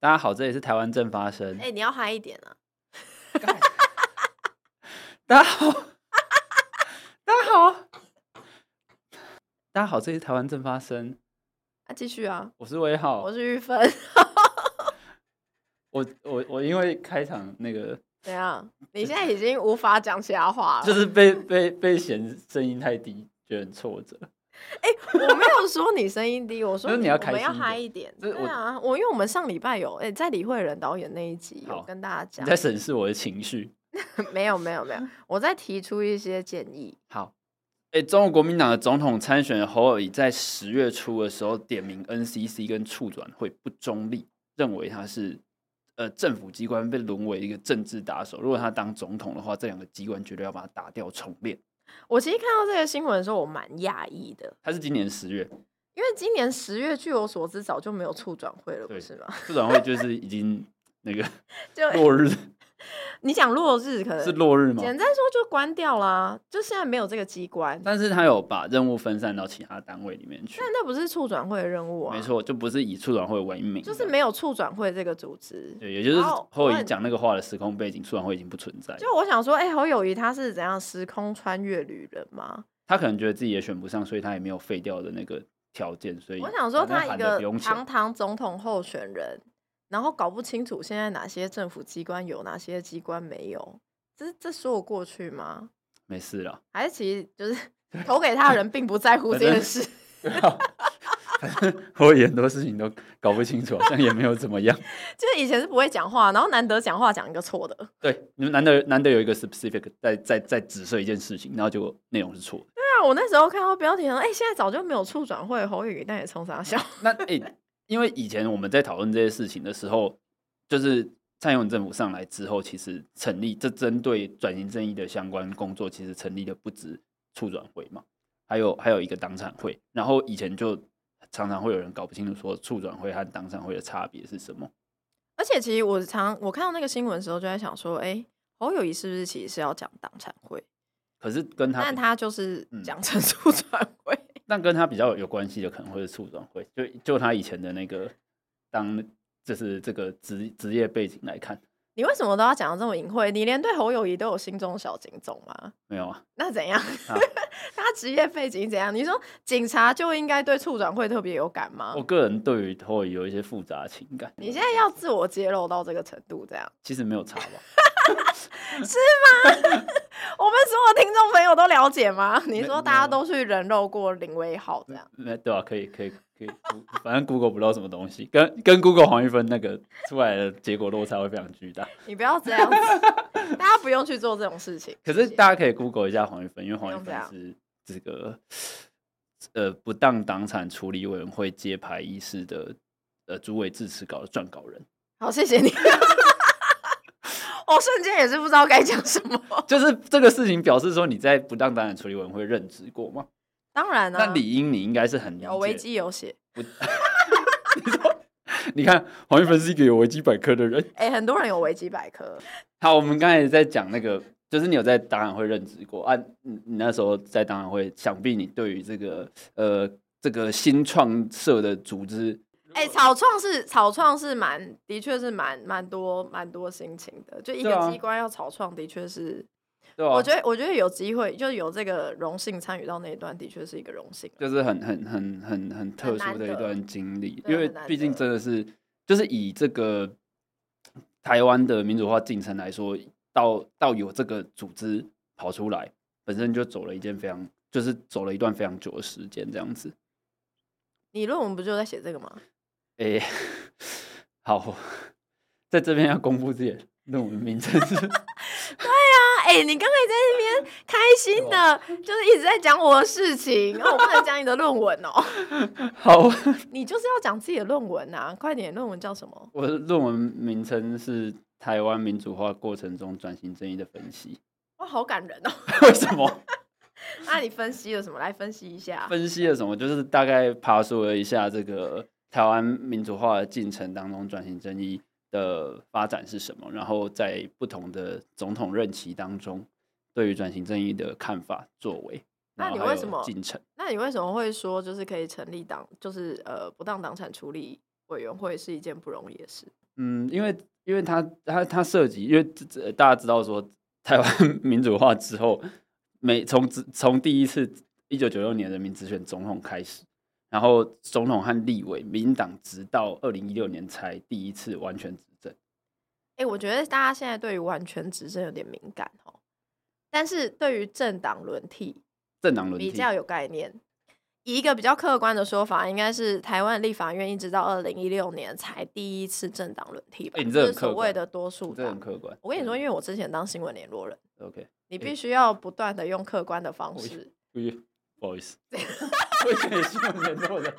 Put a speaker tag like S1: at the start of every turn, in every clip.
S1: 大家好，這裡是台灣正發生。
S2: 哎、欸，你要嗨一點啊！ 大家好， 大家好，
S1: 大家好，這裡是台灣正發生。
S2: 啊，繼續啊！
S1: 我是威浩，我是玉芬。我 我我，我我因為開場那個
S2: 怎樣？你現在已經無法講其他話了， 就是
S1: 被被被嫌聲音太低，覺得很挫折。
S2: 哎、欸，我沒有說你聲音低， 我說你、就是、你要開心，我要嗨一點，對啊，我因為我們上禮拜有哎、欸，在李慧仁導演那一集有跟大家講，你在審
S1: 視我的情緒 ，
S2: 沒有沒有沒有，我再提出一些建議。
S1: 好，欸、中國國民黨的總統參選侯友宜在十月初的時候點名 NCC 跟促轉會不中立，認為他是、呃、政府機關被淪為一個政治打手，如果他當總統的話，這兩個機關絕對要把它打掉重練。
S2: 我其實看到這個新聞的時候，我蠻訝異的。
S1: 他是今年十月，
S2: 因為今年十月，據我所知，早就沒有促轉會了，不是嗎？促
S1: 轉會就是已經那個
S2: 落 落日 你講落日可能是落日嗎？簡單說就關掉啦，就現在沒有這個機關。但是他
S1: 有把任務分散到其他單位裡面去。
S2: 那那不是促轉會的任務啊？沒
S1: 錯，就不是以促轉會為名，就是
S2: 沒有促轉會這個組織。對，也就是侯友宜講那
S1: 個話的時空背景，促轉會已經不存在。就
S2: 我想說，哎、欸，侯友宜他是怎樣時空穿越旅人嗎？
S1: 他可能覺得自己也選不上，所以他也沒有廢掉的那個條件。所以我想說，他一個堂
S2: 堂總統候選人。然後搞不清楚現在哪些政府機關有哪些機關沒有，這是這說得過去嗎？
S1: 沒事了，還
S2: 是其實就是投給他的人並不在乎這件事。反正
S1: 有我很多事情都搞不清楚， 好像也沒有怎麼樣。
S2: 就是以前是不會講話，然後難得講話講一個錯的。
S1: 對，你們難得難得有一個 specific 在在在指涉一件事情，然後結果內容是錯的。
S2: 對啊，我那時候看到標題說，哎，現在早就沒有促轉會侯宇，但也衝啥笑。那哎。
S1: 因為以前我們在討論這些事情的時候，就是蔡英文政府上來之後，其實成立這針對轉型正義的相關工作，其實成立的不止促轉會嘛，還有還有一個黨產會。然後以前就常常會有人搞不清楚說促轉會和黨產會的差別是什麼。
S2: 而且其實我常我看到那個新聞的時候，就在想說，哎，侯友宜是不是其實是要講黨產會？
S1: 可是跟他，但他
S2: 就是講成促轉
S1: 會。嗯但跟他比較有關係的，可能會是促轉會，就就他以前的那個當，就是這個職業背景來看。
S2: 你為什麼都要講的這麼隱晦？你連對侯友宜都有心中的小警總嗎？沒有啊。那怎樣？啊 他職業背景怎樣？你說警察就應該對促轉會特別有感嗎？我
S1: 個人對於會有一些複雜情感。你
S2: 現在要自我揭露到這個程度，這樣？
S1: 其實沒有差吧？
S2: 是嗎？ 我們所有聽眾朋友都了解嗎？ 你說大家都去人肉過林威浩這樣？
S1: 對吧，啊？可以可以可以，可以可以 反正 Google 不到什麼東西，跟跟 Google 黃玉芬那個出來的結果落差會非常巨大。
S2: 你不要這樣子， 大家不用去做這種事情。
S1: 謝謝，可是大家可以 Google 一下黃玉芬，因為黃玉芬是。這個呃，不當黨產處理委員會揭牌儀式的呃，主委致辭稿的撰稿人，
S2: 好，謝謝你。 我瞬間也是不知道該講什麼。就是
S1: 這個事情，表示說你在不當黨產處理委員會任職過嗎？
S2: 當然了、啊，那理
S1: 應你應該是很有
S2: 維基有寫。 你，
S1: 說 你看，黃玉芬是一個有維基百科的人。
S2: 哎、欸，很多人有維基百科。
S1: 好，我們剛才在講那個。就是你有在黨產會任職過，啊，你你那時候在黨產會，想必你對於這個呃這個新創設的組織，
S2: 哎、欸，草創是草創是蠻的確是蠻蠻多蠻多心情的，就一個機關要草創，的確是，
S1: 我覺得
S2: 我覺得有機會就有這個榮幸參與到那一段，的確是一個榮幸，
S1: 就是很很很很很,很特殊的一段經歷，因為畢竟真的是就是以這個台灣的民主化進程來說。到到有這個組織跑出來，本身就走了一件非常，就是走了一段非常久的時間，這樣子。
S2: 你論文不就在寫這個嗎？
S1: 哎、欸、好，在這邊要公布自己的論文名稱是 。
S2: 對啊，哎、欸，你剛才在那邊開心的， 就是一直在講我的事情， 然後我不能講你的論文哦？
S1: 好，
S2: 你就是要講自己的論文啊，快點，論文叫什麼？
S1: 我的論文名稱是。台灣民主化過程中轉型正義的分析，
S2: 哇，好感人哦！為
S1: 什麼？ 那
S2: 你分析了什麼？來分析一下。
S1: 分析了什麼？就是大概爬梳了一下這個台灣民主化的進程當中轉型正義的發展是什麼，然後在不同的總統任期當中對於轉型正義的看法、作為。那你為什麼進程？
S2: 那你為什麼會說就是可以成立黨，就是呃，不當黨產處理委員會是一件不容易的事？嗯，因
S1: 為。因為他他他涉及，因為大家知道說，台灣民主化之後，每從從第一次一九九六年人民直選總統開始，然後總統和立委，民黨直到二零一六年才第一次完全執政。
S2: 哎，我覺得大家現在對於完全執政有點敏感哦，但是對於政黨輪替，
S1: 政黨輪替比較有
S2: 概念。以一個比較客觀的說法，應該是台灣立法院一直到二零一六年才第一次政黨輪替吧。欸，這很客觀，就是，所謂的多數黨，這很客觀。我跟你說，因為我之前當新聞聯絡人，OK，你必須要不斷的用客觀的方式。欸
S1: 不好意思，為什麼也很
S2: 是很難做的？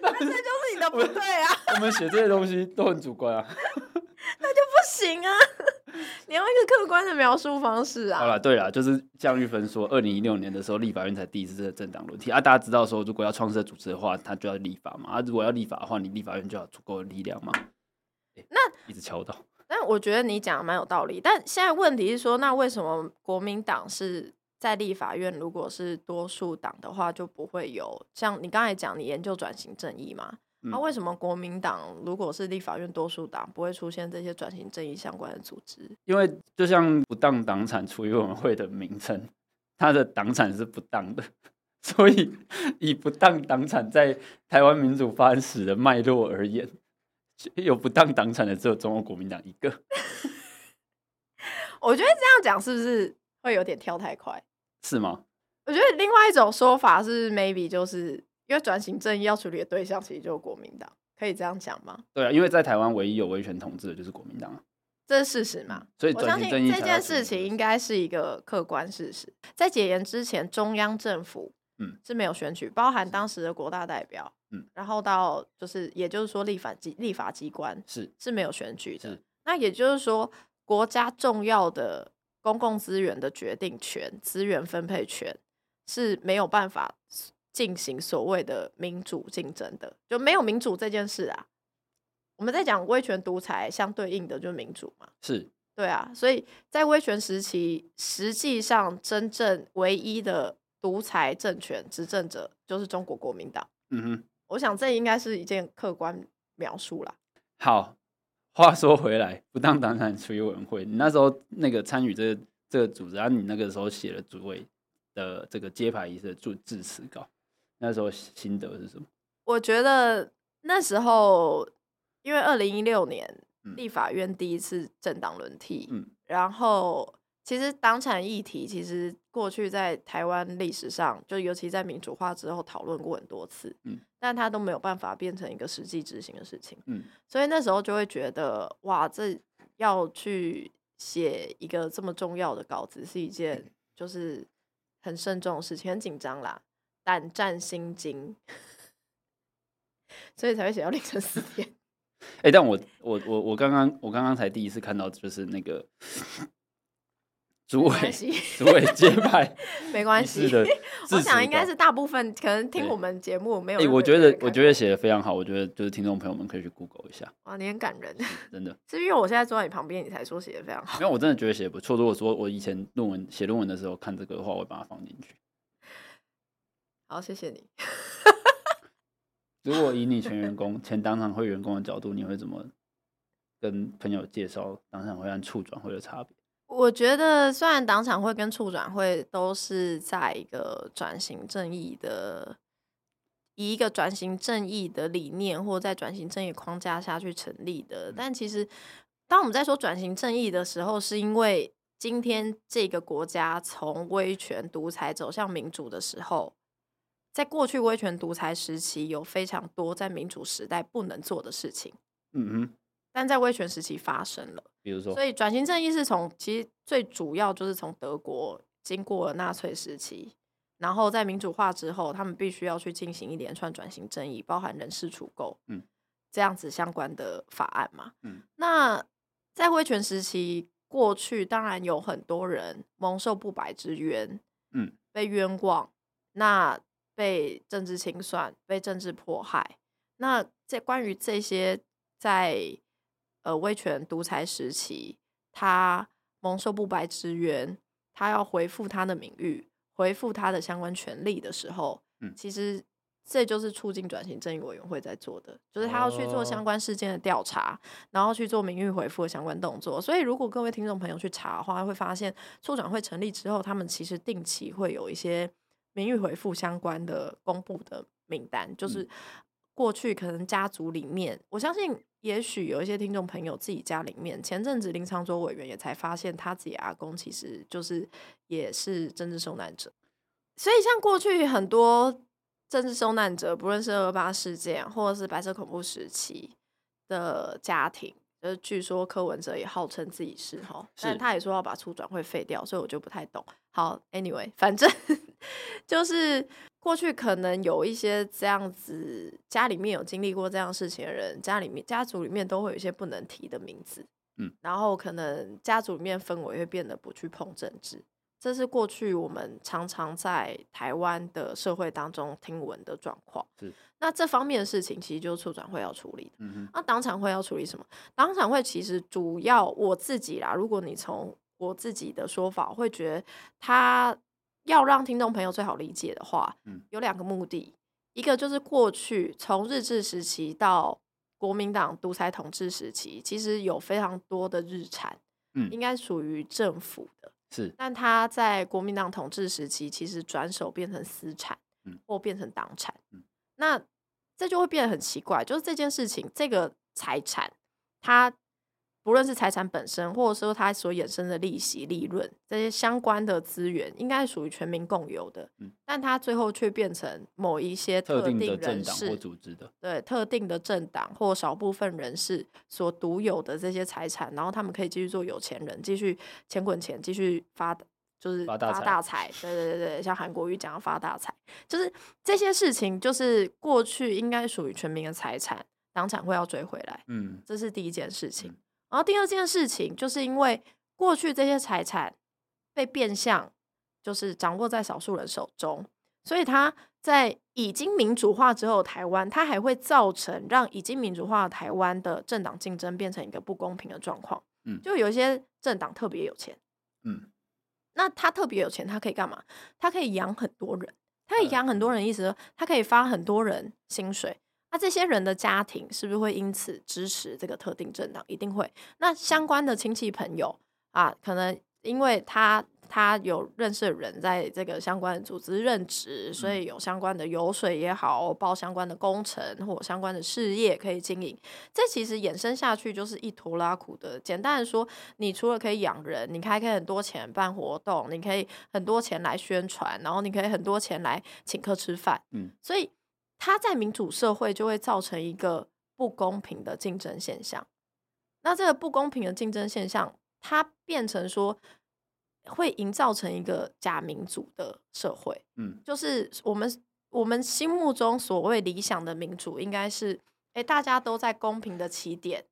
S2: 那這就是你的不對啊
S1: 我們寫這些東西都很主觀啊 ，
S2: 那就不行啊！ 你用一個客觀的描述方式啊！好啦，
S1: 對啦，就是江玉芬說，二零一六年的時候，立法院才第一次在政黨輪替啊。大家知道說，如果要創設組織的話，他就要立法嘛啊！如果要立法的話，你立法院就要足夠的力量嘛。欸、那一直敲到，
S2: 但我覺得你講的蠻有道理。但現在問題是說，那為什麼國民黨是？在立法院，如果是多數黨的話，就不會有像你剛才講，你研究轉型正義嘛？那、嗯啊、為什麼國民黨如果是立法院多數黨，不會出現這些轉型正義相關的組織？
S1: 因為就像不當黨產處理委員會的名稱，它的黨產是不當的，所以，以不當黨產在台灣民主發展史的脈絡而言，有不當黨產的只有中國國民黨一個。
S2: 我覺得這樣講是不是會有點跳太快？是嗎？我覺得另外一種說法是，maybe 就是因為轉型正義要處理的對象，其實就是國民黨，可以這樣講嗎？
S1: 對啊，因為在台灣唯一有威權統治的就是國民黨啊，
S2: 這是事實嘛？所以我相信這件事情應該是一個客觀事實。嗯，在解嚴之前，中央政府嗯是沒有選舉，包含當時的國大代表嗯，然後到就是也就是說立法機立法機關是是沒有選舉的，是那也就是說國家重要的。公共資源的決定權、資源分配權是沒有辦法進行所謂的民主競爭的，就沒有民主這件事啊。我們在講威權獨裁，相對應的就是民主嘛。是，對啊。所以在威權時期，實際上真正唯一的獨裁政權執政者就是中國國民黨。
S1: 嗯哼，
S2: 我想這應該是一件客觀描述啦。
S1: 好。話說回來，不當黨產處理委員會。你那時候那個參與這個、這個組織啊，你那個時候寫了主委的這個揭牌儀式的祝致辭稿，那時候心得是什麼？
S2: 我覺得那時候因為二零一六年立法院第一次政黨輪替、嗯嗯，然後。其實黨產議題其實過去在台灣歷史上，就尤其在民主化之後討論過很多次，嗯，但他都沒有辦法變成一個實際執行的事情，嗯，所以那時候就會覺得哇，這要去寫一個這麼重要的稿子是一件就是很慎重的事情，很緊張啦，膽戰心驚， 所以才會寫到凌晨四點。
S1: 欸，但我我我我剛剛我剛剛才第一次看到，就是那個。 主委，沒關係，組委接派， 沒關係的。我想應該是
S2: 大部分可能聽我們節目沒有。欸、我覺
S1: 得我覺得寫的非常好，我覺得就是聽眾朋友們可以去 Google 一下。
S2: 哇，你很感人，真的，是因為我現在坐在你旁邊，你才說寫的非常好，好。沒有，我
S1: 真的覺得寫的不錯。如果說我以前論文寫論文的時候看這個的話，我會把它放進去。
S2: 好，謝謝你。
S1: 如果以你前員工、前黨產會員工的角度，你會怎麼跟朋友介紹黨產會按促轉會的差別？
S2: 我覺得，雖然黨產會跟促轉會都是在一個轉型正義的，以一個轉型正義的理念或在轉型正義框架下去成立的，但其實當我們在說轉型正義的時候，是因為今天這個國家從威權獨裁走向民主的時候，在過去威權獨裁時期有非常多在民主時代不能做的事情。
S1: 嗯嗯。
S2: 但在威權時期發生了，比如說，所以轉型正義是從其實最主要就是從德國經過了納粹時期，然後在民主化之後，他們必須要去進行一連串轉型正義，包含人事除垢、嗯，這樣子相關的法案嘛，嗯、那在威權時期過去，當然有很多人蒙受不白之冤，嗯，被冤枉，那被政治清算，被政治迫害，那在關於這些在呃，威權獨裁時期，他蒙受不白之冤，他要回復他的名譽，回復他的相關權利的時候，嗯、其實這就是促進轉型正義委員會在做的，就是他要去做相關事件的調查、哦，然後去做名譽回復的相關動作。所以，如果各位聽眾朋友去查的話，會發現促轉會成立之後，他們其實定期會有一些名譽回復相關的公布的名單，就是。嗯過去可能家族裡面，我相信也許有一些聽眾朋友自己家裡面，前陣子林昶佐委員也才發現他自己阿公其實就是也是政治受難者，所以像過去很多政治受難者，不論是二二八事件或者是白色恐怖時期的家庭，呃、就是，據說柯文哲也號稱自己是哈，但他也說要把促轉會廢掉，所以我就不太懂。好，Anyway，反正 就是。過去可能有一些這樣子，家裡面有經歷過這樣事情的人，家裡面家族裡面都會有一些不能提的名字，嗯，然後可能家族裡面氛圍會變得不去碰政治，這是過去我們常常在台灣的社會當中聽聞的狀況。是，那這方面的事情其實就是促轉會要處理的，嗯嗯，那，啊，黨產會要處理什麼？黨產會其實主要我自己啦，如果你從我自己的說法會覺得他。要讓聽眾朋友最好理解的話，嗯、有兩個目的，一個就是過去從日治時期到國民黨獨裁統治時期，其實有非常多的日產，嗯、應該屬於政府的，是，但它在國民黨統治時期，其實轉手變成私產，嗯、或變成黨產，嗯、那這就會變得很奇怪，就是這件事情，這個財產，它。不論是財產本身，或者說它所衍生的利息、利潤這些相關的資源，應該屬於全民共有的。嗯、但它最後卻變成某一些特定的人士的政組織的，對特定的政黨或少部分人士所獨有的這些財產，然後他們可以繼續做有錢人，繼續錢滾錢，繼續發就是發大財。大財對，對對對，像韓國瑜講要發大財，就是這些事情，就是過去應該屬於全民的財產，黨產會要追回來。嗯，這是第一件事情。嗯然後第二件事情，就是因為過去這些財產被變相，就是掌握在少數人手中，所以他在已經民主化之後，台灣他還會造成讓已經民主化的台灣的政黨競爭變成一個不公平的狀況。嗯，就有一些政黨特別有錢。嗯，那他特別有錢，他可以幹嘛？他可以養很多人。他養很多人，意思說他可以發很多人薪水。那、啊、這些人的家庭是不是會因此支持這個特定政黨？一定會。那相關的親戚朋友啊，可能因為他他有認識的人在這個相關的組織任職，所以有相關的油水也好，報相關的工程或相關的事業可以經營。這其實衍生下去就是一拖拉庫的。簡單的說，你除了可以養人，你還可以很多錢辦活動，你可以很多錢來宣傳，然後你可以很多錢來請客吃飯。嗯，所以。它在民主社會就會造成一個不公平的競爭現象，那這個不公平的競爭現象，它變成說會營造成一個假民主的社會。嗯，就是我們我們心目中所謂理想的民主，應該是，欸，大家都在公平的起點，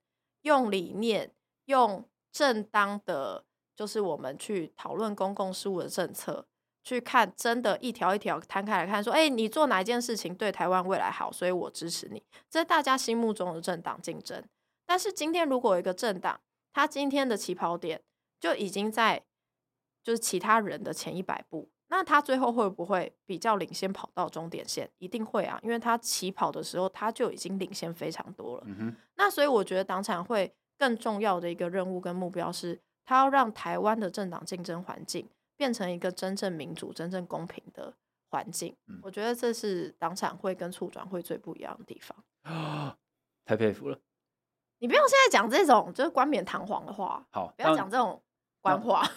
S2: 用理念，用正當的，就是我們去討論公共事務的政策。去看真的，一條一條攤開來看，說，哎、欸，你做哪一件事情對台灣未來好，所以我支持你。這是大家心目中的政黨競爭。但是今天如果一個政黨，他今天的起跑點就已經在就是其他人的前一百步，那他最後會不會比較領先跑到終點線？一定會啊，因為他起跑的時候他就已經領先非常多了。嗯、那所以我覺得黨產會更重要的一個任務跟目標是，他要讓台灣的政黨競爭環境。變成一個真正民主、真正公平的環境，嗯，我覺得這是黨產會跟促轉會最不一樣的地方
S1: 啊。太佩服了，
S2: 你不用現在講這種就是冠冕堂皇的話，好，不要講這種官話。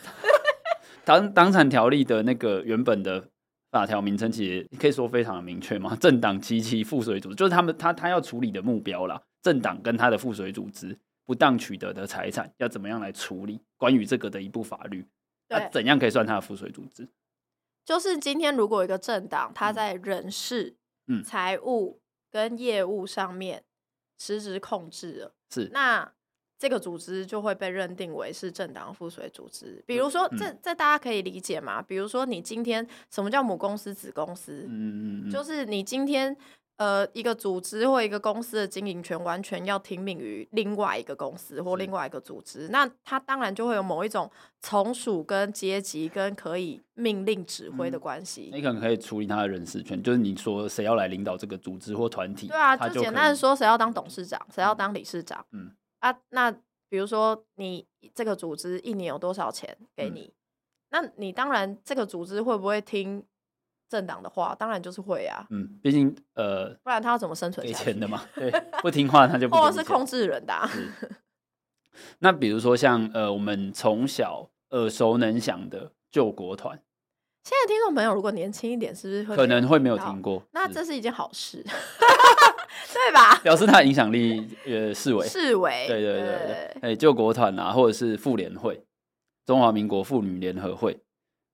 S1: 黨黨產條例的那個原本的法條名稱，其實你可以說非常的明確嘛。政黨及其附隨組織，就是他們他他要處理的目標啦。政黨跟他的附隨組織不當取得的財產，要怎麼樣來處理？關於這個的一部法律。那、啊、怎樣可以算它的附隨組織？
S2: 就是今天如果一個政黨它在人事、嗯、財務跟業務上面實質控制了，是那這個組織就會被認定為是政黨附隨組織。比如說這，這這大家可以理解嘛、嗯？比如說，你今天什麼叫母公司、子公司、嗯嗯嗯？就是你今天。呃，一個組織或一個公司的經營權完全要聽命於另外一個公司或另外一個組織，那它當然就會有某一種從屬、跟階級、跟可以命令指揮的關係。你、嗯、可能可
S1: 以處理他的人事權，就是你說誰要來領導這個組織或團體。對啊，他就，就簡單說，
S2: 誰要當董事長，誰要當理事長嗯。嗯。啊，那比如說你這個組織一年有多少錢給你，嗯、那你當然這個組織會不會聽？政黨的話，當然就是會啊。嗯，
S1: 畢竟呃，不然
S2: 他要怎麼生存？啊？給錢的嘛。對，不
S1: 聽話他就不不、啊。我、 哦、是控制人的、啊。那比如說像呃，我們從小耳熟能詳的救國團，
S2: 現在聽眾朋友如果年輕一點，是不是會不可能會沒有聽過？那這是一件好事， 對吧？
S1: 表示他影響力呃，式微，式微。對對對對，哎、欸，救國團啊，或者是婦聯會，中華民國婦女聯合會，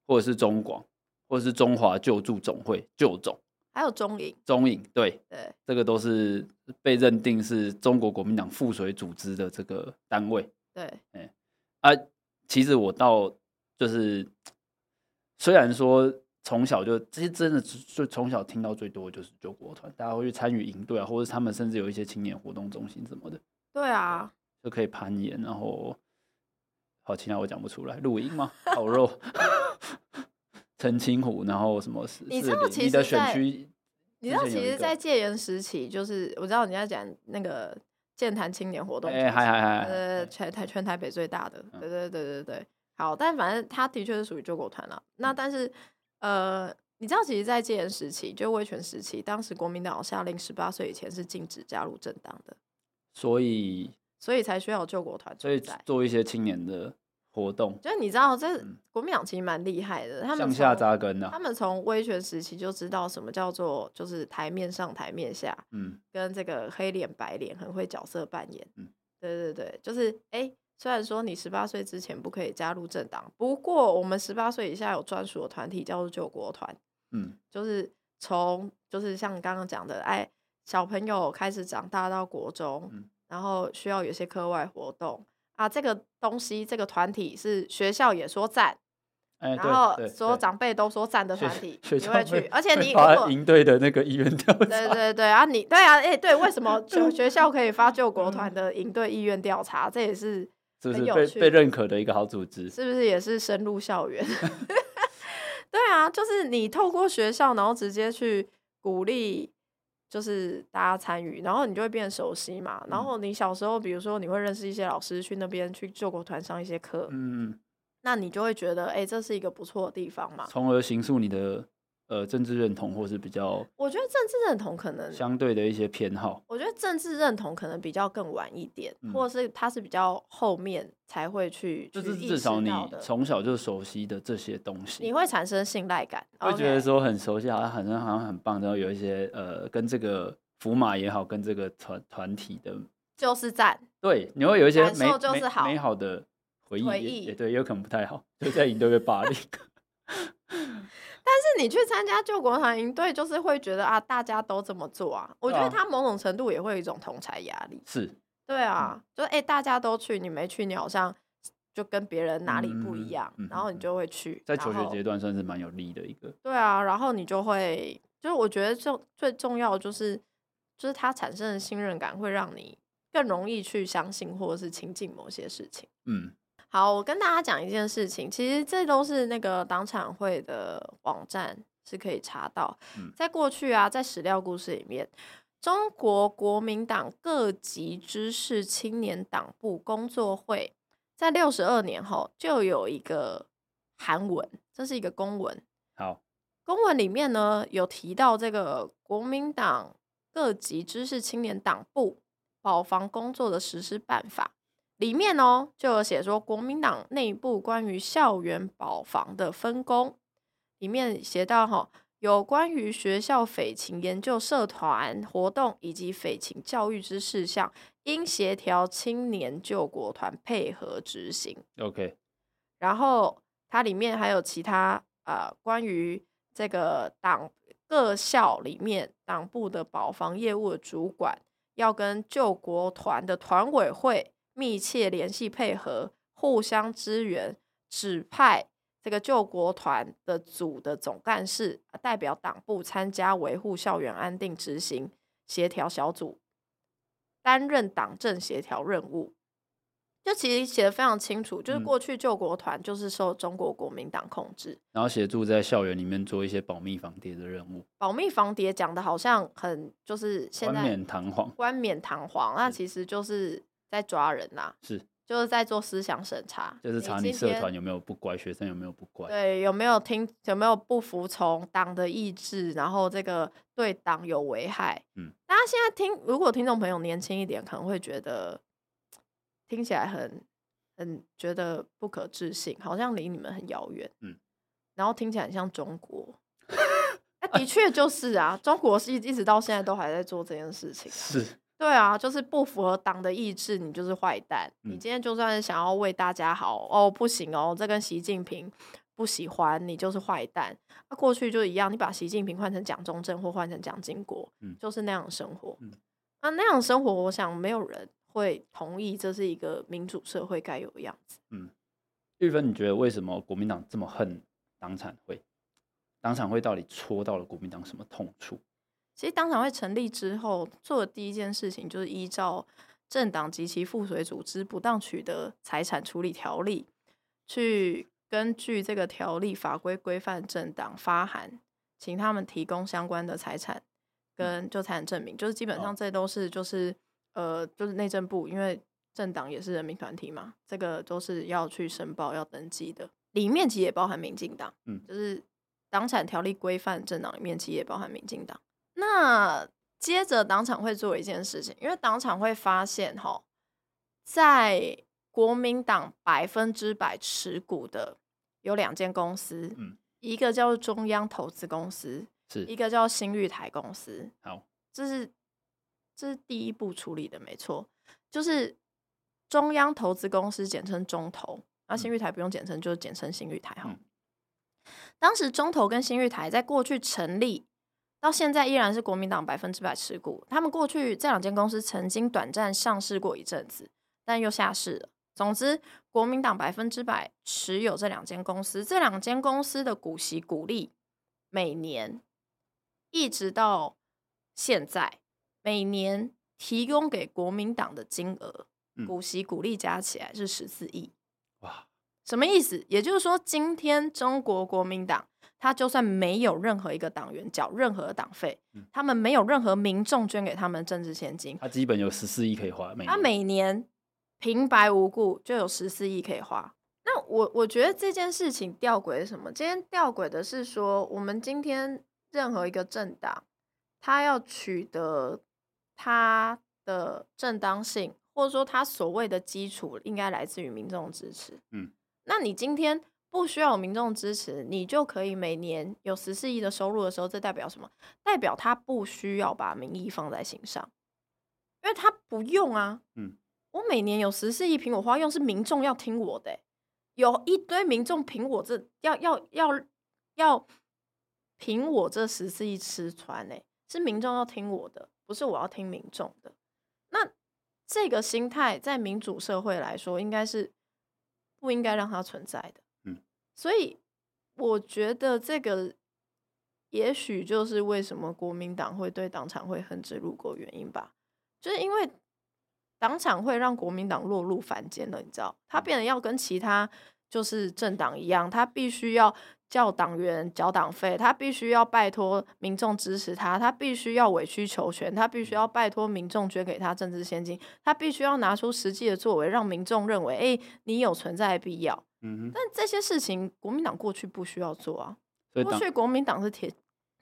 S1: 或者是中廣。或是中華救助總會救總，
S2: 還有中影
S1: 中影，對對，這個都是被認定是中國國民黨附隨組織的這個單位。對，對啊，其實我到就是，雖然說從小就這些真的就從小聽到最多的就是救國團，大家會去參與營隊啊，或者他們甚至有一些青年活動中心什麼的。
S2: 對啊，
S1: 對就可以攀岩，然後好其他我講不出來，露營嗎？烤肉。 澄清湖，然後什麼是你的選區？你知道，其實在，
S2: 你你你知道其實在戒嚴時期，時期就是我知道人家講那個劍潭青年活動，哎、欸，還還還，呃，全台全台北最大的，對、嗯、對對對對。好，但反正他的確是屬於救國團了、啊。那但是、嗯，呃，你知道，其實，在戒嚴時期，就威權時期，當時國民黨下令，十八歲以前是禁止加入政黨的，
S1: 所以
S2: 所以才需要救國團，所以
S1: 做一些青年的。活動
S2: 就是你知道，這國民黨其實蠻厲害的。嗯、他們從向下扎根的、啊。他們從威權時期就知道什麼叫做就是台面上台面下，嗯，跟這個黑臉白臉很會角色扮演，嗯，對對對，就是哎、欸，雖然說你十八歲之前不可以加入政黨，不過我們十八歲以下有專屬的團體叫做救國團，嗯，就是從就是像你剛剛講的，哎，小朋友開始長大到國中，嗯、然後需要有些課外活動。啊，這個東西，這個團體是學校也說讚、欸，
S1: 然後所有
S2: 長輩都說讚的團體你會去，會而且你如果營
S1: 隊的那個意願調
S2: 查對對對啊你，你對啊，哎、欸，對，為什麼學 學校可以發救國團的營隊意願調查、嗯？這也是很有趣、就是、被被認
S1: 可的一個好組織，是
S2: 不是也是深入校園？ 對啊，就是你透過學校，然後直接去鼓勵。就是大家參與，然後你就會變得熟悉嘛、嗯。然後你小時候，比如說你會認識一些老師，去那邊去救國團上一些課，嗯，那你就會覺得，哎、欸，這是一個不錯的地方嘛，
S1: 從而形塑你的。呃，政治認同或是比較，
S2: 我覺得政治認同可能
S1: 相對的一些偏好。
S2: 我覺得政治認同可能比較更晚一點，嗯、或者是它是比較後面才會去。就是至少你
S1: 從小就熟悉的這些東西，
S2: 你會產生信賴感，會覺得
S1: 說很熟悉，好、OK、像好像好像很棒。然後有一些呃，跟這個福馬也好，跟這個團團體的，
S2: 就是讚。
S1: 對，你會有一些美美好，好的回憶也。回憶，也對，也有可能不太好，就在印度被霸凌
S2: 但是你去參加救國團營隊，就是會覺得啊，大家都這麼做啊，啊。我覺得他某種程度也會有一種同儕壓力。是。對啊，嗯、就哎、欸，大家都去，你沒去，你好像就跟別人哪裡不一樣嗯嗯嗯嗯，然後你就會去。
S1: 在求學階段算是蠻有利的一個。
S2: 對啊，然後你就會，就是我覺得最最重要的就是，就是他產生的信任感會讓你更容易去相信或者是親近某些事情。嗯。好，我跟大家講一件事情，其實這都是那個黨產會的網站是可以查到。在過去啊，在史料故事裡面，中國國民黨各級知識青年黨部工作會，在六十二年後就有一個函文，這是一個公文。好，公文裡面呢，有提到這個國民黨各級知識青年黨部保防工作的實施辦法。裡面哦、喔，就有寫說國民黨內部關於校園保防的分工，裡面寫到哈、喔，有關於學校匪情研究社團活動以及匪情教育之事項，應協調青年救國團配合執行。OK，然後它裡面還有其他呃，關於這個黨各校裡面黨部的保防業務主管，要跟救國團的團委會。密切聯繫配合，互相支援，指派這個救國團的組的總幹事、呃、代表黨部參加維護校園安定執行協調小組，擔任黨政協調任務。就其實寫得非常清楚，就是過去救國團就是受中國國民黨控制，
S1: 嗯、然後協助在校園裡面做一些保密防諜的任務。
S2: 保密防諜講得好像很就是現在冠冕堂皇，冠冕堂皇，那其實就是。在抓人吶、啊，是，就是在做思想審查，就是查你社團
S1: 有沒有不乖，學生有沒有不乖，
S2: 對，有沒有聽，有沒有不服從黨的意志，然後這個對黨有危害。嗯，大家現在聽，如果聽眾朋友年輕一點，可能會覺得聽起來很，很覺得不可置信，好像離你們很遙遠。嗯，然後聽起來很像中國，那、嗯 啊、的確就是啊， 中國是一一直到現在都還在做這件事情、啊。是。對啊，就是不符合黨的意志，你就是壞蛋。你今天就算是想要為大家好、嗯、哦，不行哦，這跟習近平不喜歡你就是壞蛋。那、啊、過去就一樣，你把習近平換成蔣中正或換成蔣經國，嗯、就是那樣的生活。那、嗯啊、那樣的生活，我想沒有人會同意，這是一個民主社會該有的樣子。
S1: 嗯，玉芬，你覺得為什麼國民黨這麼恨黨產會？黨產會到底戳到了國民黨什麼痛處？
S2: 其實，黨產會成立之後，做的第一件事情就是依照《政黨及其附屬組織不當取得財產處理條例》去根據這個條例法規規範政黨發函，請他們提供相關的財產跟就財產證明。就是基本上這都是就是呃，就是內政部，因為政黨也是人民團體嘛，這個都是要去申報、要登記的。裡面其實也包含民進黨，就是黨產條例規範政黨裡面其實也包含民進黨。那接着黨產會做一件事情，因為黨產會發現哈，在國民黨百分之百持股的有兩間公司、嗯，一個叫中央投資公司，一個叫新裕台公司，好，這是這是第一步處理的，沒錯，就是中央投資公司簡稱中投，那、啊、新裕台不用簡稱、嗯，就簡稱新裕台哈、嗯。當時中投跟新裕台在過去成立。到現在依然是國民黨百分之百持股。他們過去這兩間公司曾經短暫上市過一陣子，但又下市了。總之，國民黨百分之百持有這兩間公司。這兩間公司的股息、股利，每年一直到現在，每年提供給國民黨的金額，股息、股利加起來是十四億。哇、嗯，什麼意思？也就是說，今天中國國民黨。他就算沒有任何一個黨員繳任何黨費、嗯，他們沒有任何民眾捐給他們政治獻金，他
S1: 基本有十四億可以花。他
S2: 每年平白無故就有十四億可以花。那我我覺得這件事情吊詭是什麼？今天吊詭的是說，我們今天任何一個政黨，他要取得他的正當性，或者說他所謂的基礎，應該來自於民眾支持。嗯，那你今天，不需要民眾支持，你就可以每年有十四億的收入的時候，這代表什麼？代表他不需要把民意放在心上，因為他不用啊。嗯，我每年有十四億憑我花用，是民眾要聽我的、欸，有一堆民眾憑我這要要要要憑我這十四億吃穿、欸，哎，是民眾要聽我的，不是我要聽民眾的。那這個心態在民主社會來說，應該是不應該讓它存在的。所以我覺得這個也許就是為什麼國民黨會對黨產會恨之入骨的原因吧，就是因為黨產會讓國民黨落入凡間了，你知道，他變得要跟其他就是政黨一樣，他必須要叫黨員繳黨費，他必須要拜託民眾支持他，他必須要委曲求全，他必須要拜託民眾捐給他政治獻金，他必須要拿出實際的作為讓民眾認為，哎，你有存在的必要。嗯哼，但這些事情國民黨過去不需要做啊。過去國民黨是天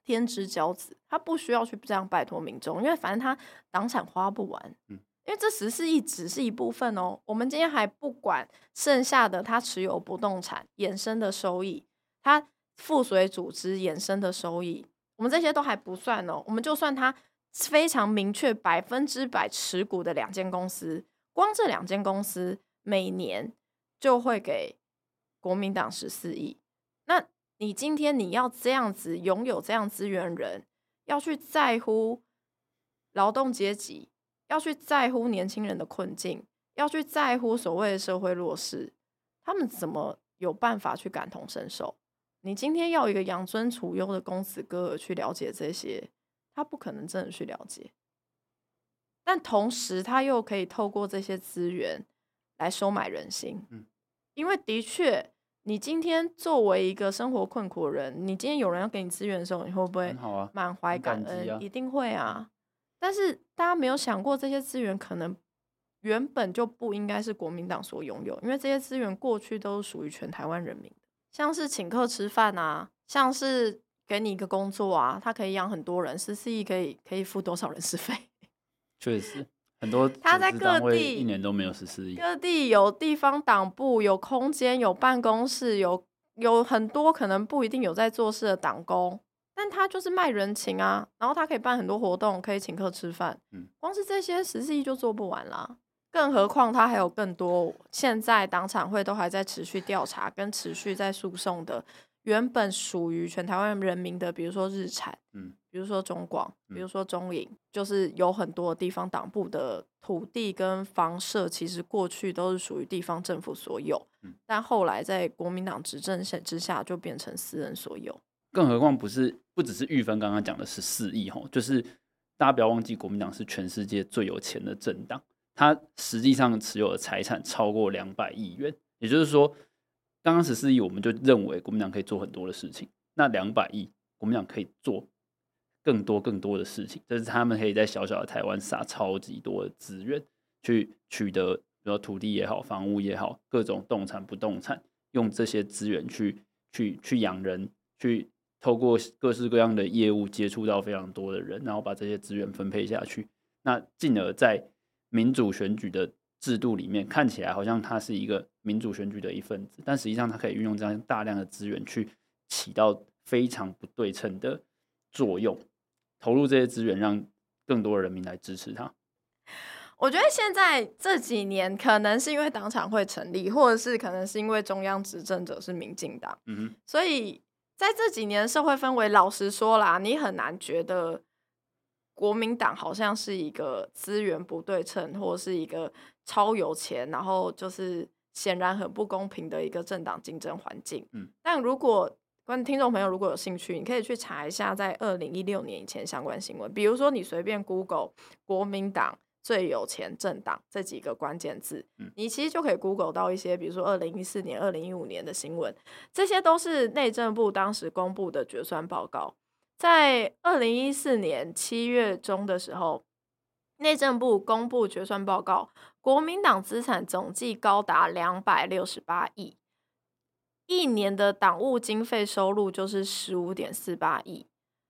S2: 天之驕子，他不需要去這樣拜托民眾，因為反正他黨產花不完。嗯，因為這十四億只是一部分哦、喔。我們今天還不管剩下的，他持有不動產衍生的收益，他附隨組織衍生的收益，我們這些都還不算哦、喔。我們就算他非常明確百分之百持股的兩間公司，光這兩間公司每年就會給，國民黨十四億，那你今天你要這樣子擁有這樣資源人，人要去在乎勞動階級，要去在乎年輕人的困境，要去在乎所謂的社會弱勢，他們怎麼有辦法去感同身受？你今天要一個養尊處優的公子哥兒去了解這些，他不可能真的去了解。但同時，他又可以透過這些資源來收買人心。嗯。因為的確，你今天作為一個生活困苦的人，你今天有人要給你資源的時候，你會不會滿懷感恩？啊感啊嗯、一定會啊！但是大家沒有想過，這些資源可能原本就不應該是國民黨所擁有，因為這些資源過去都是屬於全台灣人民。像是請客吃飯啊，像是給你一個工作啊，他可以養很多人。十四億可以可以付多少人事費？
S1: 確實。很多他在各地一年都沒有十四億，各
S2: 地有地方黨部，有空間，有辦公室，有有很多可能不一定有在做事的黨工，但他就是賣人情啊，然後他可以辦很多活動，可以請客吃飯，嗯，光是這些十四億就做不完啦，更何況他還有更多，現在黨產會都還在持續調查跟持續在訴訟的。原本屬於全台灣人民的，比如說日產，嗯，比如說中廣，嗯，比如說中影，就是有很多地方黨部的土地跟房舍，其實過去都是屬於地方政府所有，嗯、但後來在國民黨執政下之下，就變成私人所有。
S1: 更何況不是，不只是玉芬剛剛講的十四億吼，就是大家不要忘記，國民黨是全世界最有錢的政黨，它實際上持有的財產超過兩百億元，也就是說，剛剛十四億，我們就認為國民黨可以做很多的事情。那兩百億，國民黨可以做更多更多的事情。這是他們可以在小小的台灣撒超級多的資源，去取得，比如說土地也好、房屋也好、各種動產、不動產，用這些資源去去去養人，去透過各式各樣的業務接觸到非常多的人，然後把這些資源分配下去，那進而在民主選舉的制度裡面，看起來好像它是一個。民主選舉的一份子，但實際上他可以運用這樣大量的資源去起到非常不對稱的作用，投入這些資源，讓更多人民來支持他。
S2: 我覺得現在這幾年，可能是因為黨產會成立，或者是可能是因為中央執政者是民進黨，嗯哼，所以在這幾年社會氛圍，老實說啦，你很難覺得國民黨好像是一個資源不對稱，或者是一個超有錢，然後就是。顯然很不公平的一個政黨競爭環境。嗯，但如果觀聽眾朋友如果有興趣，你可以去查一下在二零一六年以前相關新聞，比如說你隨便 Google 國民黨最有錢政黨這幾個關鍵字，嗯，你其實就可以 Google 到一些比如說二零一四年、二零一五年的新聞，這些都是內政部當時公布的決算報告，在二零一四年七月中的時候。內政部公布決算報告，國民黨資產總計高達兩百六十八億，一年的黨務經費收入就是十五點四八億，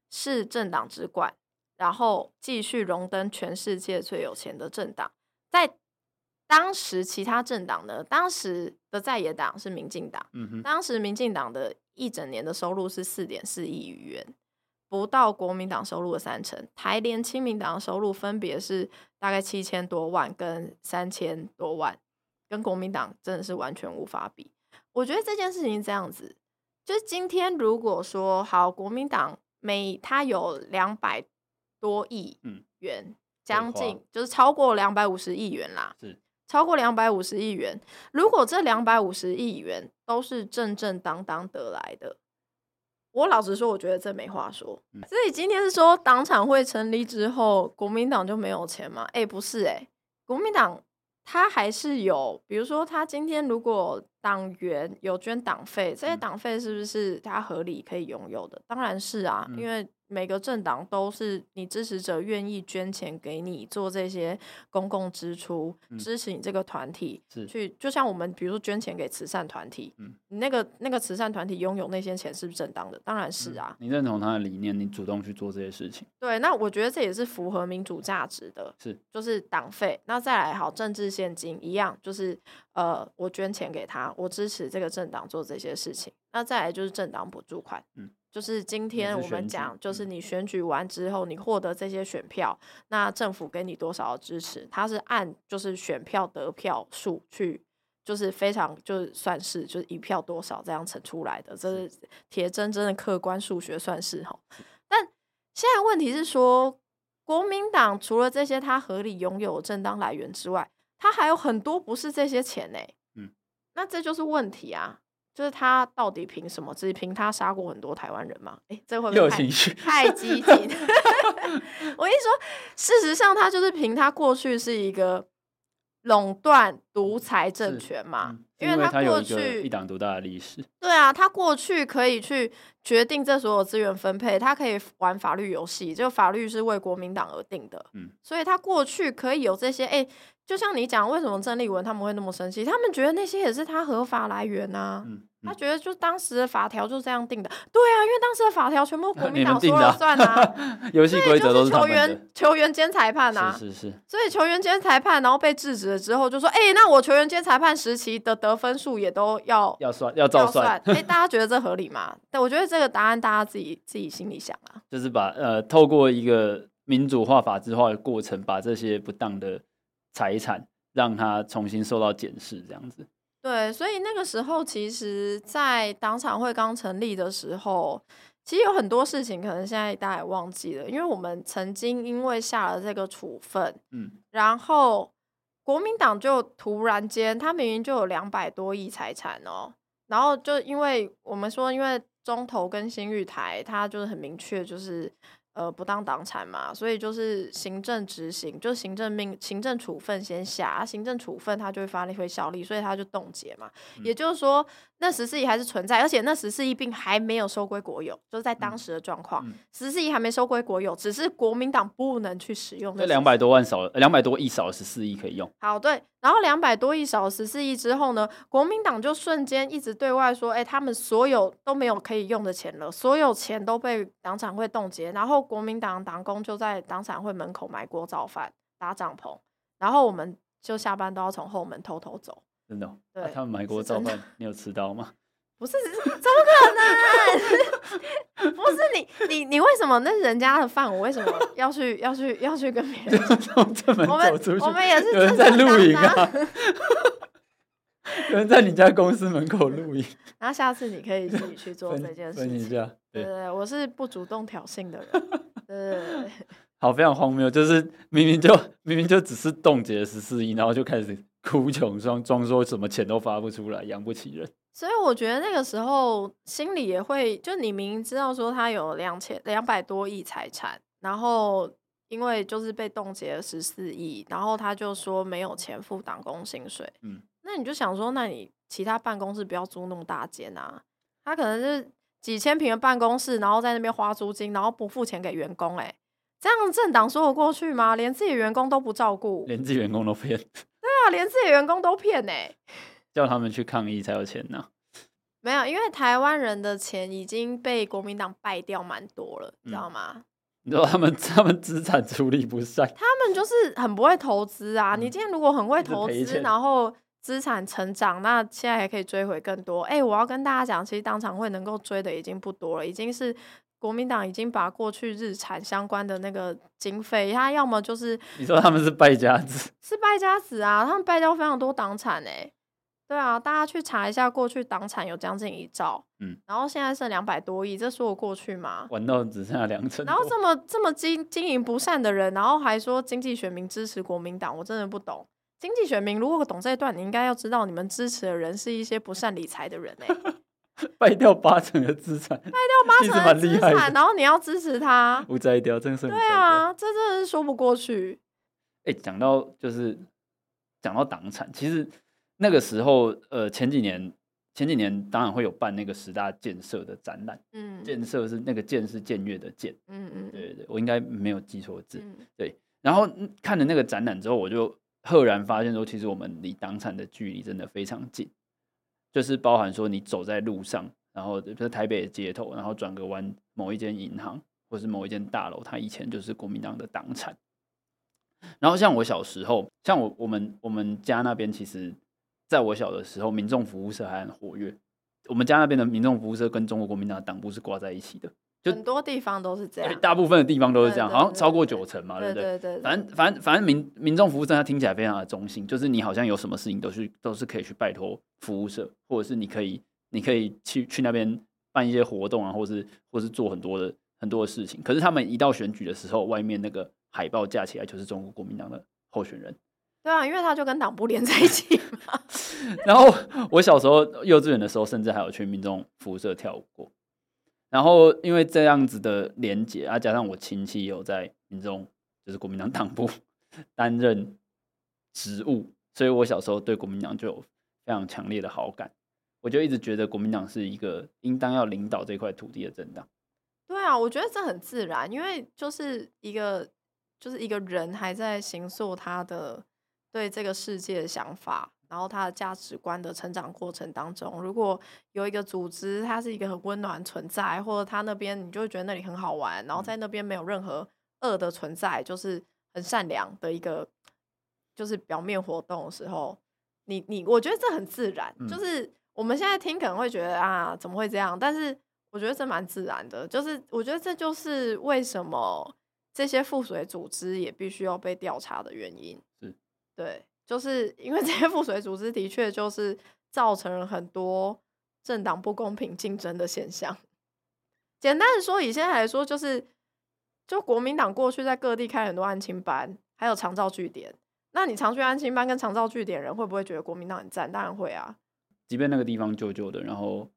S2: 是政黨之冠，然後繼續榮登全世界最有錢的政黨。在當時，其他政黨呢？當時的在野黨是民進黨，當時民進黨的一整年的收入是四點四億餘元。不到國民黨收入的三成，台聯、親民黨的收入分別是大概七千多萬跟三千多萬，跟國民黨真的是完全無法比。我覺得這件事情這樣子，就是今天如果說好，國民黨每他有兩百多億元，將近、嗯、就是超過兩百五十億元啦，超過兩百五十億元。如果這兩百五十億元都是正正當當得來的。我老實說，我覺得這沒話說。所以今天是說黨產會成立之後，國民黨就沒有錢嗎？欸，不是欸，國民黨他還是有。比如說，他今天如果黨員有捐黨費，這些黨費是不是他合理可以擁有的、嗯？當然是啊，嗯、因為每個政黨都是你支持者願意捐錢給你做這些公共支出，嗯、支持你這個團體。是去就像我們比如說捐錢給慈善團體、嗯，你那個那個慈善團體擁有那些錢是不是正當的？當然是啊、嗯。
S1: 你認同他的理念，你主動去做這些事情。
S2: 對，那我覺得這也是符合民主價值的。是，就是黨費，那再來好政治獻金一樣，就是呃，我捐錢給他。我支持這個政黨做這些事情。那再來就是政黨補助款，嗯、就是今天我們講，就是你選舉、嗯、選舉完之後，你獲得這些選票，那政府給你多少支持，它是按就是選票得票數去，就是非常就是算是就是一票多少這樣乘出來的，這是鐵錚錚的客觀數學算式哈、嗯。但現在問題是說，國民黨除了這些他合理擁有的政黨來源之外，他還有很多不是這些錢呢、欸。那這就是問題啊！就是他到底憑什麼？只憑他殺過很多台灣人嗎？哎、欸，這會不會太太激進。 我跟你說，事實上他就是憑他過去是一個壟斷獨裁政權嘛、嗯，因為他過去他有一
S1: 黨獨大的歷史。
S2: 對啊，他過去可以去決定這所有資源分配，他可以玩法律遊戲，就法律是為國民黨而定的。嗯，所以他過去可以有這些、欸就像你講，為什麼鄭麗文他們會那麼生氣？他們覺得那些也是他合法來源啊。嗯嗯、他覺得就當時的法條就是這樣定的。對啊，因為當時的法條全部國民黨說了算
S1: 啊。遊戲規則都是球員
S2: 球員兼裁判啊，是是是。所以球員兼裁判，然後被制止了之後，就說：“哎、欸，那我球員兼裁判時期的得分數也都要
S1: 要算要照算。要算”哎、 欸，
S2: 大家覺得這合理嗎？但我覺得這個答案大家自己自己心裡想啊。
S1: 就是把呃，透過一個民主化、法治化的過程，把這些不當的。財產讓他重新受到檢視，這樣子。
S2: 對，所以那個時候，其實，在黨產會剛成立的時候，其實有很多事情，可能現在大家也忘記了，因為我們曾經因為下了這個處分，嗯，然後國民黨就突然間，他明明就有兩百多億財產哦、喔，然後就因為我們說，因為中投跟新玉台，他就是很明確，就是。呃，不當黨產嘛，所以就是行政執行，就行政命行政處分先下，行政處分他就會發力會效力，所以他就凍結嘛、嗯。也就是說，那十四億還是存在，而且那十四億並還沒有收歸國有，就是在當時的狀況，十四億還沒收歸國有，只是國民黨不能去使用。這兩
S1: 百多萬少，兩百多億少十四億可以用。
S2: 好，對，然後兩百多億少十四億之後呢，國民黨就瞬間一直對外說，哎、欸，他們所有都沒有可以用的錢了，所有錢都被黨產會凍結，然後。國民黨黨工就在黨產會門口埋鍋造飯、搭帳篷，然後我們就下班都要從後門偷偷走。真的。喔？對，啊，他
S1: 們埋鍋造飯，你有吃到嗎？
S2: 不是，怎麼可能，啊？ 不是你，你，你為什麼？那是人家的飯，我為什麼要去？要去？要去跟別人
S1: 從正 門走出 我，們我們也是有在錄影啊！可 能 在你家公司門口錄影，
S2: 然 後下次你可以自己 去做這件事
S1: 情。對，對，
S2: 對，我是不主動挑釁的人。 對，
S1: 對，對， 好，非常荒謬，就是明明就明明就只是凍結了十四億，然後就開始哭窮，裝裝說什麼錢都發不出來，養不起人。
S2: 所以我覺得那個時候心裡也會，就你明，明知道說他有兩千兩百多億財產，然後因為就是被凍結了十四億，然後他就說沒有錢付黨工薪水。嗯，那你就想說，那你其他辦公室不要租那麼大間啊？他可能是。幾千平的辦公室，然後在那邊花租金，然後不付錢給員工，欸，哎，這樣政黨說得過去嗎？連自己員工都不照顧，
S1: 連自己員工都騙，
S2: 對啊，連自己員工都騙，哎，
S1: 叫他們去抗議才有錢呢，啊？
S2: 沒有，因為台灣人的錢已經被國民黨敗掉蠻多了，嗯，知道嗎？
S1: 你說他們他們資產處理不善，
S2: 他們就是很不會投資啊，嗯。你今天如果很會投資，然後。資產成長，那現在還可以追回更多。哎、欸，我要跟大家講，其實黨產會能夠追的已經不多了，已經是國民黨已經把過去日產相關的那個經費，他要麼就是你說他們
S1: 是敗家子，
S2: 是敗家子啊，他們敗掉非常多黨產哎、欸，對啊，大家去查一下過去黨產有將近一兆，嗯，然後現在剩兩百多億，這說我過去嘛，
S1: 玩到只剩下兩成，然後這麼
S2: 這麼經經營不善的人，然後還說經濟選民支持國民黨，我真的不懂。經濟選民如果懂這一段，你應該要知道，你們支持的人是一些不善理財的人哎、欸，
S1: 敗掉八成的資產，
S2: 敗 掉八成的資產， 然後你要支持他，
S1: 不再掉真是
S2: 對啊，這真的是說不過去。
S1: 講到就是講到黨產，其實那個時候呃前幾年前幾年當然會有辦那個十大建設的展覽，嗯，建設是那個建是建越的建，嗯嗯，對，對對，我應該沒有記錯的字、嗯，對。然後看了那個展覽之後，我就，赫然發現說，其實我們離黨產的距離真的非常近，就是包含說你走在路上，然後比如台北的街頭，然後轉個彎，某一間銀行或是某一間大樓，它以前就是國民黨的黨產。然後像我小時候，像我我們我們家那邊，其實在我小的時候，民眾服務社還很活躍。我們家那邊的民眾服務社跟中國國民黨黨部是掛在一起的。就很多
S2: 地方都是這樣，大
S1: 部分的地方都是這樣，對對對對好像超過九成嘛，對，對，對，對，對不對，對，對，對，對？反正反正反正民民眾服務社，它聽起來非常的中性，就是你好像有什麼事情都去都是可以去拜託服務社，或者是你可以你可以去去那邊辦一些活動啊，或是或是做很多的很多的事情。可是他們一到選舉的時候，外面那個海報架起來就是中國國民黨的候選人。
S2: 對啊，因為他就跟黨部連在一起嘛。 然後
S1: 我小時候幼稚園的時候，甚至還有去民眾服務社跳舞過。然後，因為這樣子的連結，啊，加上我親戚也有在民眾就是國民黨黨部擔任職務，所以我小時候對國民黨就有非常強烈的好感。我就一直覺得國民黨是一個應當要領導這塊土地的政黨。
S2: 對啊，我覺得這很自然，因為就是一個就是一個人還在形塑他的對這個世界的想法。然後他的價值觀的成長過程當中，如果有一個組織，它是一個很溫暖存在，或者他那邊，你就會覺得那裡很好玩、嗯，然後在那邊沒有任何惡的存在，就是很善良的一個，就是表面活動的時候，你你我覺得這很自然、嗯，就是我們現在聽可能會覺得啊怎麼會這樣，但是我覺得這蠻自然的，就是我覺得這就是為什麼這些附隨組織也必須要被調查的原因，是，對。就是因為這些附隨組織的確就是造成了很多政黨不公平競爭的現象。簡單的說，以現在來說，就是就國民黨過去在各地開很多安親班，還有長照據點。那你常去安親班跟長照據點，人會不會覺得國民黨很讚？當然會啊。
S1: 即便那個地方舊舊的，然後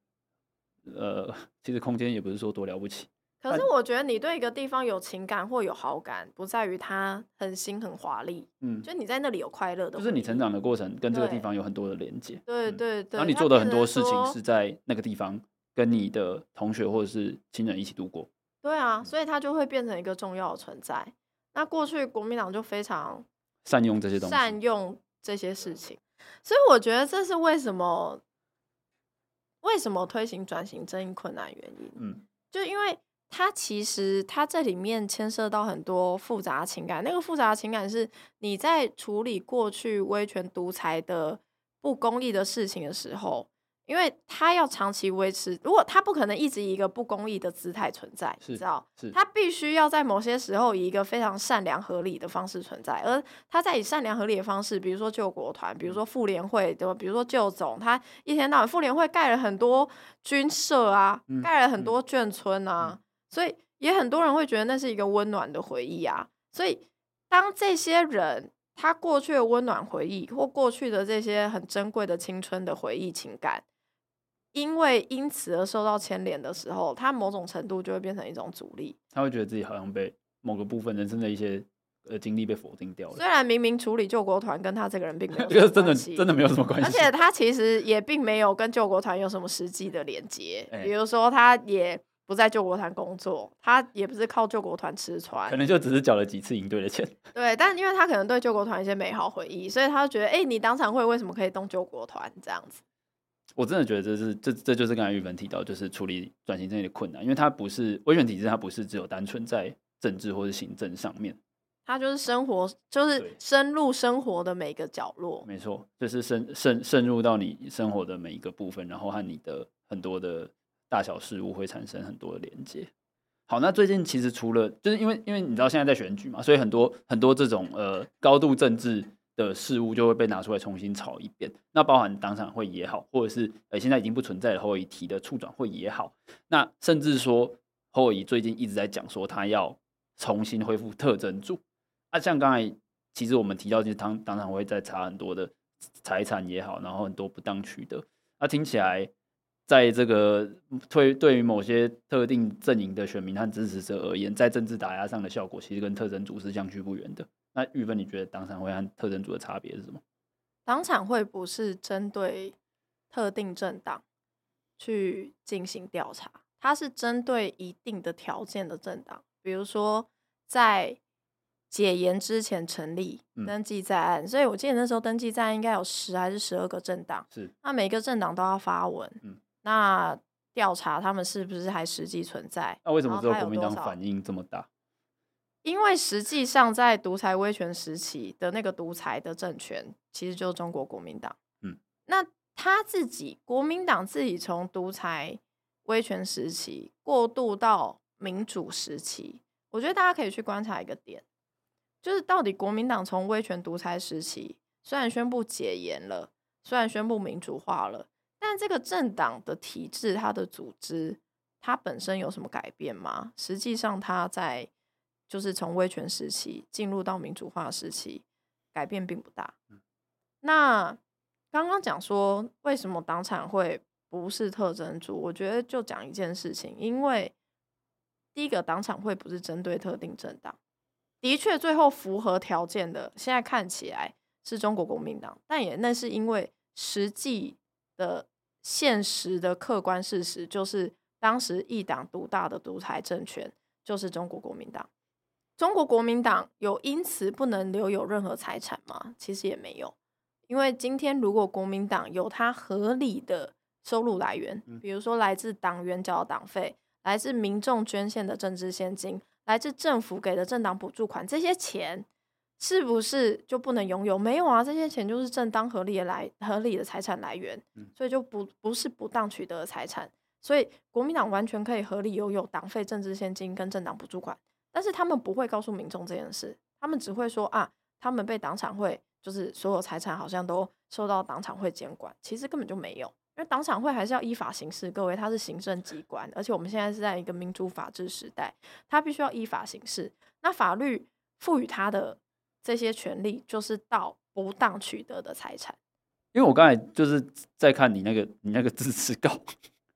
S1: 呃，其實空間也不是說多了不起。
S2: 可是我覺得你對一個地方有情感或有好感，不在於它很新很華麗，嗯，就你在那裡有快樂的回憶，就是你成
S1: 長的過程跟這個地方有很多的連接，嗯，
S2: 對對對。然後，你做的很多事情是
S1: 在那個地方跟你的同學或者是親人一起度過，嗯，
S2: 對啊，所以它就會變成一個重要的存在。那過去國民黨就非常
S1: 善用這些東西，善
S2: 用這些事情，所以我覺得這是為什麼為什麼推行轉型正義困難原因，嗯，就因為。他其實，他這裡面牽涉到很多複雜情感。那個複雜情感是，你在處理過去威權獨裁的不公義的事情的時候，因為他要長期維持，如果他不可能一直以一個不公義的姿態存在，是你知道是？他必須要在某些時候以一個非常善良合理的方式存在。而他在以善良合理的方式，比如說救國團，比如說婦聯會，對吧？比如說救總，他一天到晚婦聯會蓋了很多軍舍啊，嗯、蓋了很多眷村啊。嗯嗯所以也很多人會覺得那是一個溫暖的回憶啊，所以當這些人他過去的溫暖回憶或過去的這些很珍貴的青春的回憶情感，因為因此而受到牽連的時候，他某種程度就會變成一種阻力。
S1: 他會覺得自己好像被某個部分人生的一些呃經歷被否定掉了。雖
S2: 然明明處理救國團跟他這個人並沒有，
S1: 真的真的沒有什麼關係，而且
S2: 他其實也並沒有跟救國團有什麼實際的連接，比如說他也。不在救國團工作，他也不是靠救國團吃穿，可能
S1: 就只是繳了幾次營隊的錢。
S2: 對，但因為他可能對救國團一些美好回憶，所以他就覺得，哎、欸，你當場會為什麼可以動救國團這樣子？
S1: 我真的覺得這是這這就是剛才玉芬提到，就是處理轉型正義的困難，因為他不是威權體制，他不是只有單純在政治或是行政上面，
S2: 他就是生活，就是深入生活的每個角落。
S1: 沒錯，就是深深深入到你生活的每一個部分，然後和你的很多的，大小事物會產生很多的連接。好，那最近其實除了就是因為因為你知道現在在選舉嘛，所以很多很多這種呃高度政治的事物就會被拿出來重新炒一遍。那包含黨產會也好，或者是呃、欸、現在已經不存在的侯友宜提的促轉會也好，那甚至說侯友宜最近一直在講說他要重新恢復特偵組。那、啊、像剛才其實我們提到，就是黨、黨產會在查很多的財產也好，然後很多不當取得，那、啊、聽起來。在這個對對於某些特定陣營的選民和支持者而言，在政治打壓上的效果，其實跟特偵組是相去不遠的。那玉芬，你覺得黨產會和特偵組的差別是什麼？
S2: 黨產會不是針對特定政黨去進行調查，它是針對一定的條件的政黨，比如說在解嚴之前成立、嗯、登記在案，所以我記得那時候登記在案應該有十還是十二個政黨，是那每個政黨都要發文，嗯。那調查他們是不是還實際存在？那、啊、為什麼說國民黨
S1: 反應這麼大？
S2: 因為實際上在獨裁威權時期的那個獨裁的政權，其實就是中國國民黨。嗯，那他自己國民黨自己從獨裁威權時期過渡到民主時期，我覺得大家可以去觀察一個點，就是到底國民黨從威權獨裁時期雖然宣布解嚴了，雖然宣布民主化了，但這個政黨的體制，它的組織，它本身有什麼改變嗎？實際上，它在就是從威權時期進入到民主化時期，改變並不大。那剛剛講說，為什麼黨產會不是特偵組？我覺得就講一件事情，因為第一個，黨產會不是針對特定政黨，的確，最後符合條件的，現在看起來是中國國民黨，但也那是因為實際的。現實的客觀事實就是，當時一黨獨大的獨裁政權就是中國國民黨。中國國民黨有因此不能留有任何財產嗎？其實也沒有，因為今天如果國民黨有它合理的收入來源，比如說，來自黨員繳的黨費，來自民眾捐獻的政治獻金，來自政府給的政黨補助款，這些錢。是不是就不能擁有？沒有啊，這些錢就是正當合理的來合理的財產來源，所以就不不是不當取得的財產。所以國民黨完全可以合理擁有黨費、政治獻金跟政黨補助款，但是他們不會告訴民眾這件事，他們只會說啊，他們被黨產會，就是所有財產好像都受到黨產會監管，其實根本就沒有，因為黨產會還是要依法行事。各位，他是行政機關，而且我們現在是在一個民主法治時代，他必須要依法行事。那法律賦予他的。這些權利就是到不當取得的財產，
S1: 因為我剛才就是在看你那個你那個致詞稿，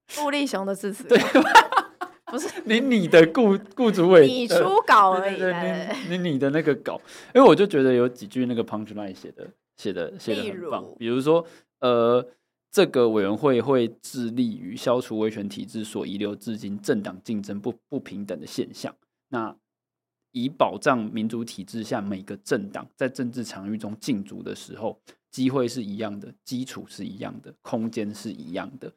S2: 顧 立雄的致詞稿，對吧，不是你
S1: 你，的顧顧主委 你出稿而已
S2: 對對對，
S1: 你，你你的那個稿，因、欸、為我就覺得有幾句那個 punchline 寫的寫的寫的，寫的很棒，例如比如說呃，這個委員會會致力於消除威權體制所遺留至今政黨競爭不不平等的現象，那。以保障民主體制下每個政黨在政治場域中競逐的時候，機會是一樣的，基礎是一樣的，空間是一樣的，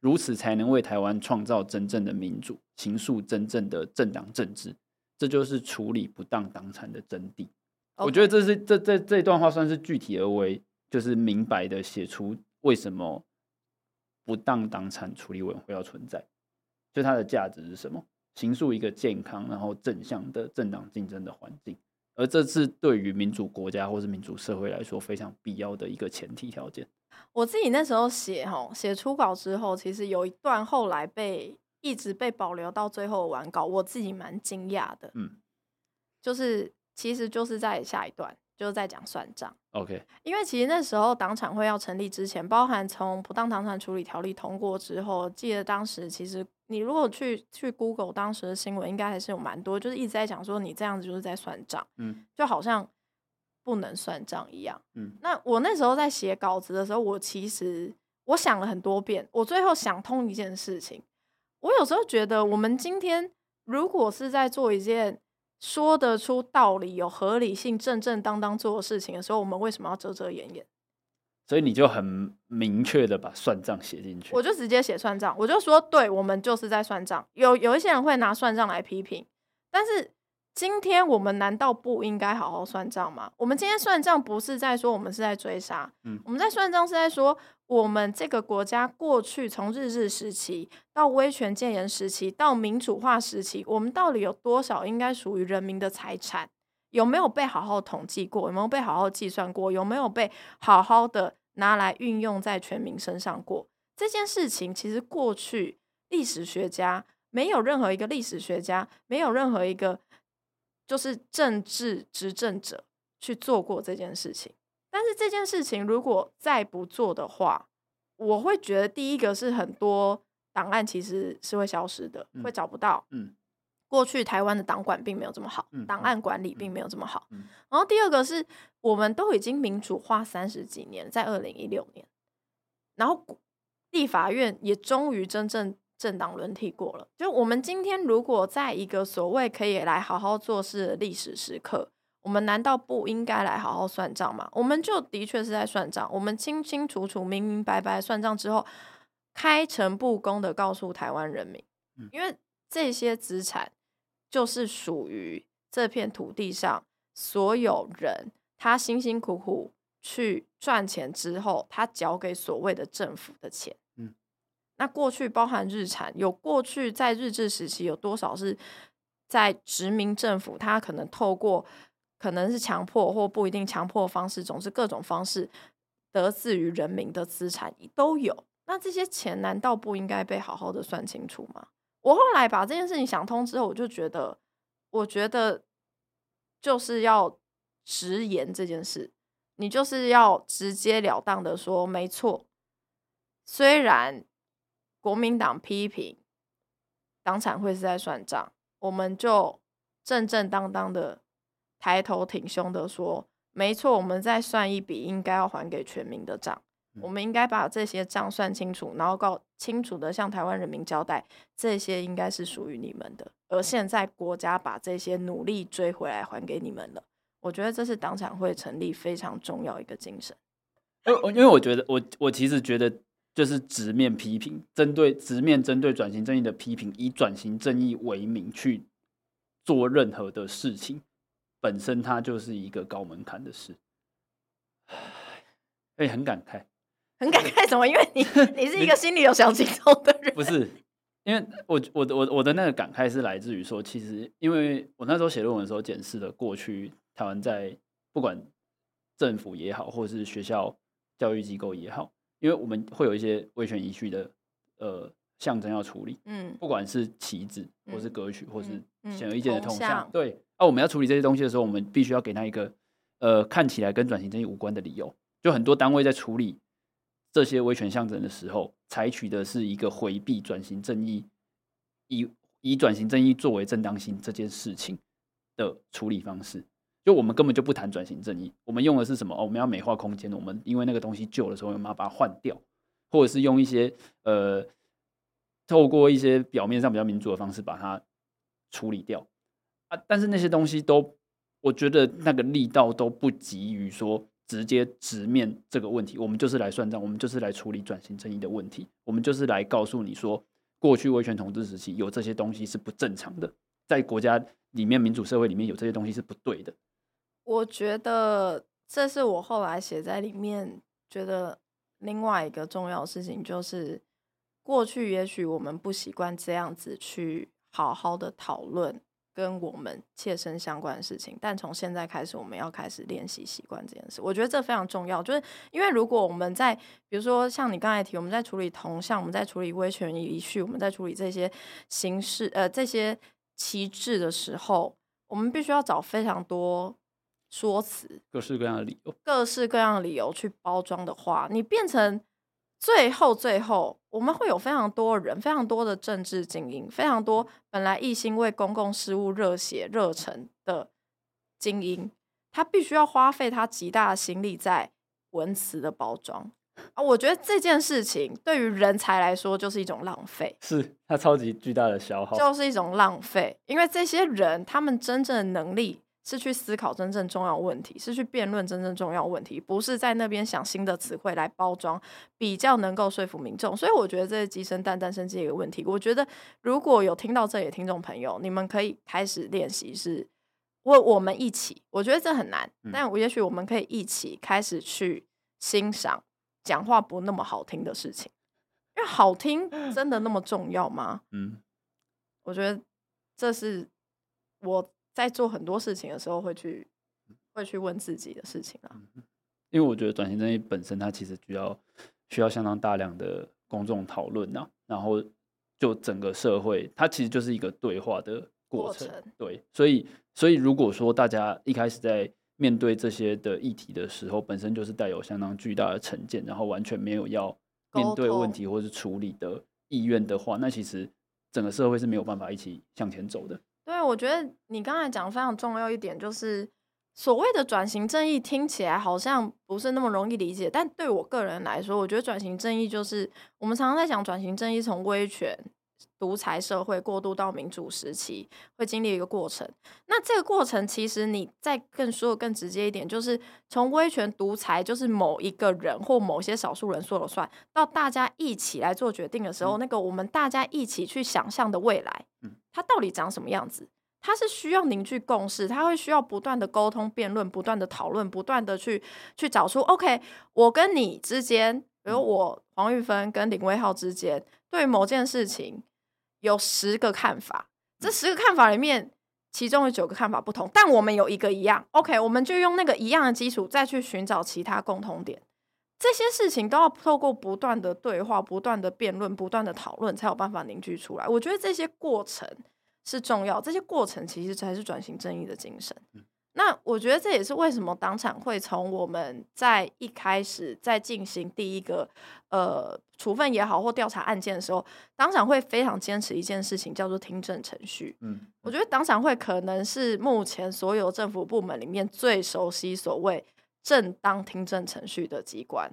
S1: 如此才能為台灣創造真正的民主，形塑真正的政黨政治。這就是處理不當黨產的真諦。Okay. 我覺得這是這這這段話算是具體而為，就是明白的寫出為什麼不當黨產處理委員會要存在，就它的價值是什麼。形塑一個健康、然後正向的政黨競爭的環境，而這是對於民主國家或者民主社會來說非常必要的一個前提條件。
S2: 我自己那時候寫吼，寫初稿之後，其實有一段後來被一直被保留到最後的完稿，我自己蠻驚訝的。嗯，就是其實就是在下一段。就是在講算賬，OK。因為其實那時候黨產會要成立之前，包含從不當黨產處理條例通過之後，記得當時其實你如果去去 Google 當時的新聞，應該還是有蠻多，就是一直在講說你這樣子就是在算賬，嗯，就好像不能算賬一樣，嗯。那我那時候在寫稿子的時候，我其實我想了很多遍，我最後想通一件事情，我有時候覺得我們今天如果是在做一件。說得出道理，有合理性，正正當當做事情的時候，我們為什麼要遮遮掩掩？
S1: 所以你就很明確的把算
S2: 賬寫進去，我就直接寫算賬，我就說，對，我們就是在算賬。有有一些人會拿算賬來批評，但是。今天我們難道不應該好好算賬嗎？我們今天算賬不是在說我們是在追殺，嗯，我們在算賬是在說我們這個國家過去從日治時期到威權戒嚴時期到民主化時期，我們到底有多少應該屬於人民的財產，有沒有被好好統計過？有沒有被好好計算過？有沒有被好好的拿來運用在全民身上過？這件事情其實過去歷史學家沒有任何一個歷史學家沒有任何一個。就是政治執政者去做過這件事情，但是這件事情如果再不做的話，我會覺得第一個是很多檔案其實是會消失的，會找不到。嗯，過去台灣的檔管並沒有這麼好，檔案管理並沒有這麼好。然後第二個是，我們都已經民主化三十幾年，在二零一六年，然後立法院也終於真正。政黨輪替過了，就我們今天如果在一個所謂可以來好好做事的歷史時刻，我們難道不應該來好好算賬嗎？我們就的確是在算賬，我們清清楚楚、明明白白算賬之後，開誠布公的告訴台灣人民，因為這些資產就是屬於這片土地上所有人，他辛辛苦苦去賺錢之後，他繳給所謂的政府的錢。那過去包含日產，有過去在日治時期有多少是在殖民政府，他可能透過可能是強迫或不一定強迫的方式，總之各種方式得自於人民的資產都有。那這些錢難道不應該被好好的算清楚嗎？我後來把這件事情想通之後，我就覺得，我覺得就是要直言這件事，你就是要直截了當的說，沒錯，雖然。國民黨批評黨產會是在算賬，我們就正正當當的抬頭挺胸的說，沒錯，我們再算一筆應該要還給全民的賬，我們應該把這些賬算清楚，然後搞清楚的向台灣人民交代，這些應該是屬於你們的，而現在國家把這些努力追回來還給你們了。我覺得這是黨產會成立非常重要一個精神。
S1: 因為因為我覺得我我其實覺得。就是直面批評，針對直面針對轉型正義的批評，以轉型正義為名去做任何的事情，本身它就是一個高門檻的事。哎，很感慨，
S2: 很感慨什麼？因為你你是一個心裡有小情頭
S1: 的人。 不是，因為我我我我的那個感慨是來自於說，其實因為我那時候寫論文的時候，檢視了過去台灣在不管政府也好，或是學校教育機構也好。因為我們會有一些維權遺緒的呃象徵要處理，嗯，不管是旗子，或是歌曲，嗯、或是顯而易見的銅像，對，那、啊、我們要處理這些東西的時候，我們必須要給他一個呃看起來跟轉型正義無關的理由。就很多單位在處理這些威權象徵的時候，採取的是一個回避轉型正義，以以轉型正義作為正當性這件事情的處理方式。就我們根本就不談轉型正義，我們用的是什麼？哦，我們要美化空間。我們因為那個東西舊的時候，我們要把它換掉，或者是用一些呃，透過一些表面上比較民主的方式把它處理掉啊。但是那些東西都，我覺得那個力道都不及於說直接直面這個問題。我們就是來算賬，我們就是來處理轉型正義的問題，我們就是來告訴你說，過去威權統治時期有這些東西是不正常的，在國家裡面、民主社會裡面有這些東西是不對的。
S2: 我覺得這是我後來寫在裡面，覺得另外一個重要的事情就是，過去也許我們不習慣這樣子去好好的討論跟我們切身相關的事情，但從現在開始，我們要開始練習習慣這件事。我覺得這非常重要，就是因為如果我們在，比如說像你剛才提，我們在處理銅像，我們在處理威權遺緒，我們在處理這些形式，呃，這些旗幟的時候，我們必須要找非常多說辭，
S1: 各式各樣的理由，
S2: 各式各樣的理由去包裝的話，你變成最後最後，我們會有非常多的人，非常多的政治精英，非常多本來一心為公共事務熱血熱忱的精英，他必須要花費他極大的心力在文辭的包裝啊！我覺得這件事情對於人才來說就是一種浪費，
S1: 是，他超級巨大的消耗，就
S2: 是一種浪費，因為這些人他們真正的能力。是去思考真正重要問題，是去辯論真正重要問題，不是在那邊想新的詞彙來包裝，比較能夠說服民眾。所以我覺得這是雞生蛋、蛋生雞這一個問題。我覺得如果有聽到這裡的聽眾朋友，你們可以開始練習，是我、我們一起。我覺得這很難，但我也許我們可以一起開始去欣賞講話不那麼好聽的事情，因為好聽真的那麼重要嗎？嗯，我覺得這是我在做很多事情的時候，會去會去問自己的事情啊。
S1: 因為我覺得轉型正義本身，它其實需要需要相當大量的公眾討論吶。然後，就整個社會，它其實就是一個對話的過程。過程。對，所以所以如果說大家一開始在面對這些的議題的時候，本身就是帶有相當巨大的成見，然後完全沒有要面對問題或是處理的意願的話，那其實整個社會是沒有辦法一起向前走的。
S2: 對，我覺得你剛才講非常重要一點，就是所謂的轉型正義，聽起來好像不是那麼容易理解，但對我個人來說，我覺得轉型正義就是我們常常在講轉型正義，從威權。獨裁社會過渡到民主時期，會經歷一個過程。那這個過程，其實你再更說的更直接一點，就是從威權獨裁，就是某一個人或某些少數人說了算，到大家一起來做決定的時候，嗯、那個我們大家一起去想象的未來、嗯，它到底長什麼樣子？它是需要凝聚共識，它會需要不斷的溝通、辯論、不斷的討論、不斷的去去找出，OK，我跟你之間，比如我、嗯、黃玉芬跟林威浩之間，對於某件事情。有十個看法，這十個看法裡面，其中有九個看法不同，但我們有一個一樣。OK，我們就用那個一樣的基礎，再去尋找其他共同點。這些事情都要透過不斷的對話、不斷的辯論、不斷的討論，才有辦法凝聚出來。我覺得這些過程是重要，這些過程其實才是轉型正義的精神。嗯那我覺得這也是為什麼黨產會從我們在一開始在進行第一個呃處分也好，或調查案件的時候，黨產會非常堅持一件事情，叫做聽證程序。嗯，我覺得黨產會可能是目前所有政府部門裡面最熟悉所謂正當聽證程序的機關。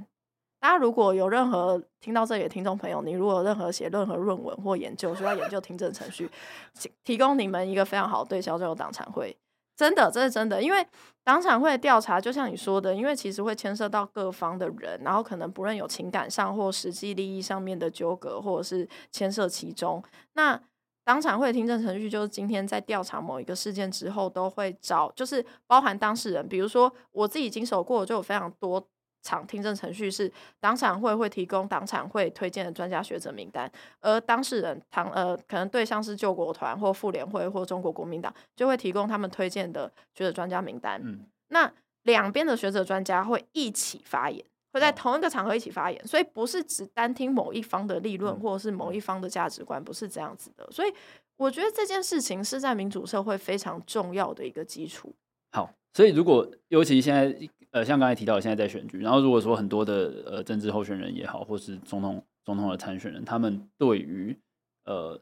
S2: 大家如果有任何聽到這裡的聽眾朋友，你如果有任何寫任何論文或研究，需要研究聽證程序，提供你們一個非常好的對象，就是黨產會。真的，這是真的，因為黨產會調查，就像你說的，因為其實會牽涉到各方的人，然後可能不論有情感上或實際利益上面的糾葛，或者是牽涉其中。那黨產會聽證程序就是今天在調查某一個事件之後，都會找，就是包含當事人，比如說我自己經手過就有非常多。場聽證程序是黨產會會提供黨產會推薦的專家學者名單，而當事人呃可能對象是救國團或婦聯會或中國國民黨，就會提供他們推薦的學者專家名單。嗯，那兩邊的學者專家會一起發言，會在同一個場合一起發言，哦、所以不是只單聽某一方的立論、嗯、或者是某一方的價值觀，不是這樣子的。所以我覺得這件事情是在民主社會非常重要的一個基礎。
S1: 好，所以如果尤其現在。呃，像剛才提到，現在在選舉。然後，如果說很多的呃政治候選人也好，或是總統總統的參選人，他們對於呃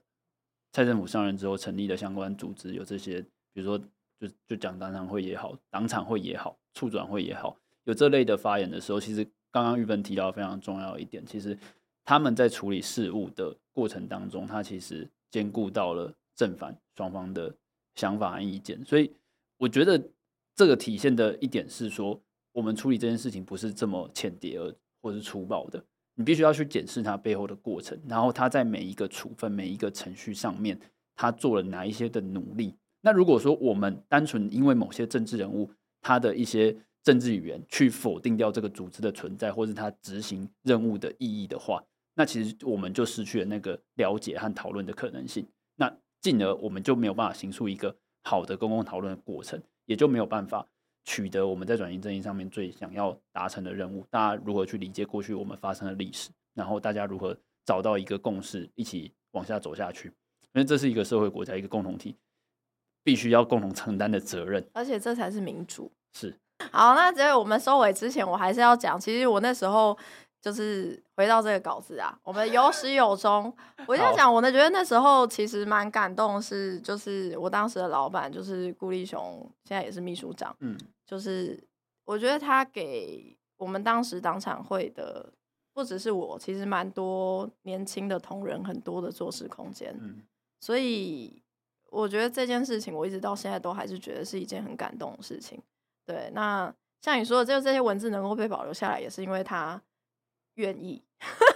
S1: 蔡政府上任之後成立的相關組織有這些，比如說就就講黨產會也好，黨產會也好，促轉會也好，有這類的發言的時候，其實剛剛玉芬提到的非常重要一點，其實他們在處理事務的過程當中，他其實兼顧到了正反雙方的想法和意見。所以我覺得這個體現的一點是說。我們處理這件事情不是這麼淺碟而或是粗暴的，你必須要去檢視它背後的過程，然後它在每一個處分、每一個程序上面，它做了哪一些的努力。那如果說我們單純因為某些政治人物他的一些政治語言去否定掉這個組織的存在，或是他執行任務的意義的話，那其實我們就失去了那個了解和討論的可能性，那進而我們就沒有辦法形塑一個好的公共討論的過程，也就沒有辦法。取得我們在轉型正義上面最想要達成的任務，大家如何去理解過去我們發生的歷史，然後大家如何找到一個共識，一起往下走下去，因為這是一個社會國家一個共同體，必須要共同承擔的責任，
S2: 而且這才是民主。是好，那只有我們收尾之前，我還是要講，其實我那時候就是回到這個稿子啊，我們有始有終。我就想，我呢覺得那時候其實蠻感動，是就是我當時的老板就是顧立雄，現在也是秘書長，嗯。就是我覺得他給我們當時黨產會的，不只是我，其實蠻多年輕的同仁很多的做事空間。嗯，所以我覺得這件事情，我一直到現在都還是覺得是一件很感動的事情。對，那像你說的，就這些文字能夠被保留下來，也是因為他願意。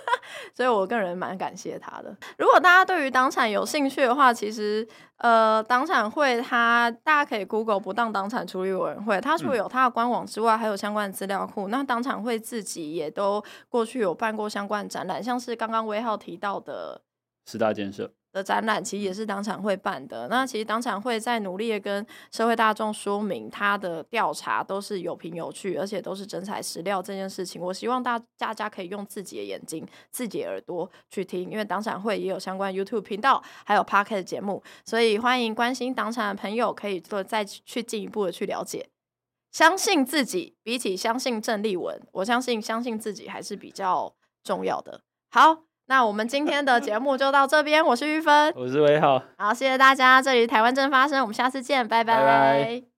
S2: 所以，我個人蠻感謝他的。如果大家對於黨產有興趣的話，其實，呃，黨產會他大家可以 Google 不當黨產處理委員會，他除了有他的官網之外，嗯、還有相關的資料庫。那黨產會自己也都過去有辦過相關的展覽，像是剛剛威浩提到的
S1: 十大建設，
S2: 的展覽其實也是黨產會辦的。那其實黨產會在努力的跟社會大眾說明，他的調查都是有憑有據，而且都是真材實料這件事情。我希望大家家可以用自己的眼睛、自己耳朵去聽，因為黨產會也有相關 YouTube 頻道，還有 Podcast 節目，所以歡迎關心黨產的朋友可以做再去進一步的去了解。相信自己，比起相信鄭麗文，我相信相信自己還是比較重要的。好。 那我們今天的節目就到這邊，我是玉芬，我是偉浩，好，謝謝大家，這裡是台灣正發生，我們下次見，拜拜。拜拜。